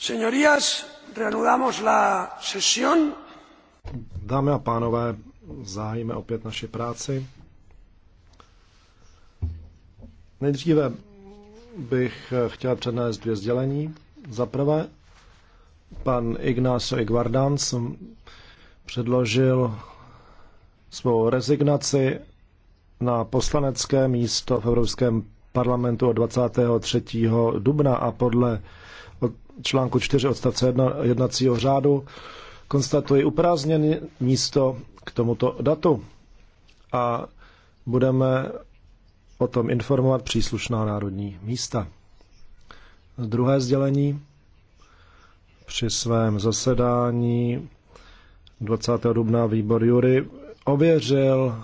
Señorías, la sesión. Dámy a pánové, zahájíme opět naši práci. Nejdříve bych chtěl přednést dvě sdělení. Za prvé, pan Ignacio Iguardans předložil svou rezignaci na poslanecké místo v Evropském parlamentu od 23. dubna a podle článku 4 odstavce 1 jednacího řádu konstatuji uprázněné místo k tomuto datu a budeme o tom informovat příslušná národní místa. Druhé sdělení při svém zasedání 20. dubna výbor Jury ověřil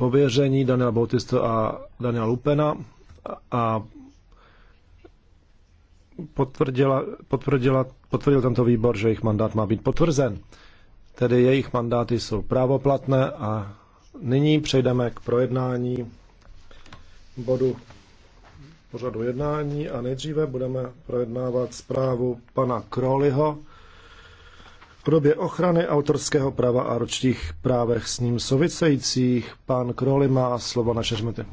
pověření Daniela Bautista a Daniela Lupena a potvrdila, potvrdila, potvrdil tento výbor, že jejich mandát má být potvrzen. Tedy jejich mandáty jsou právoplatné a nyní přejdeme k projednání bodu pořadu jednání a nejdříve budeme projednávat zprávu pana Kroliho, v době ochrany autorského práva a ročních právech s ním souvisejících. Pan Kroly má slovo na šeřmety.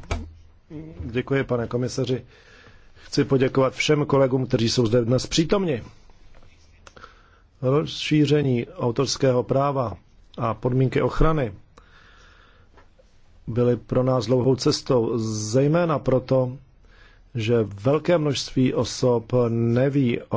Děkuji, pane komisaři. Chci poděkovat všem kolegům, kteří jsou zde dnes přítomni. Rozšíření autorského práva a podmínky ochrany byly pro nás dlouhou cestou, zejména proto, že velké množství osob neví o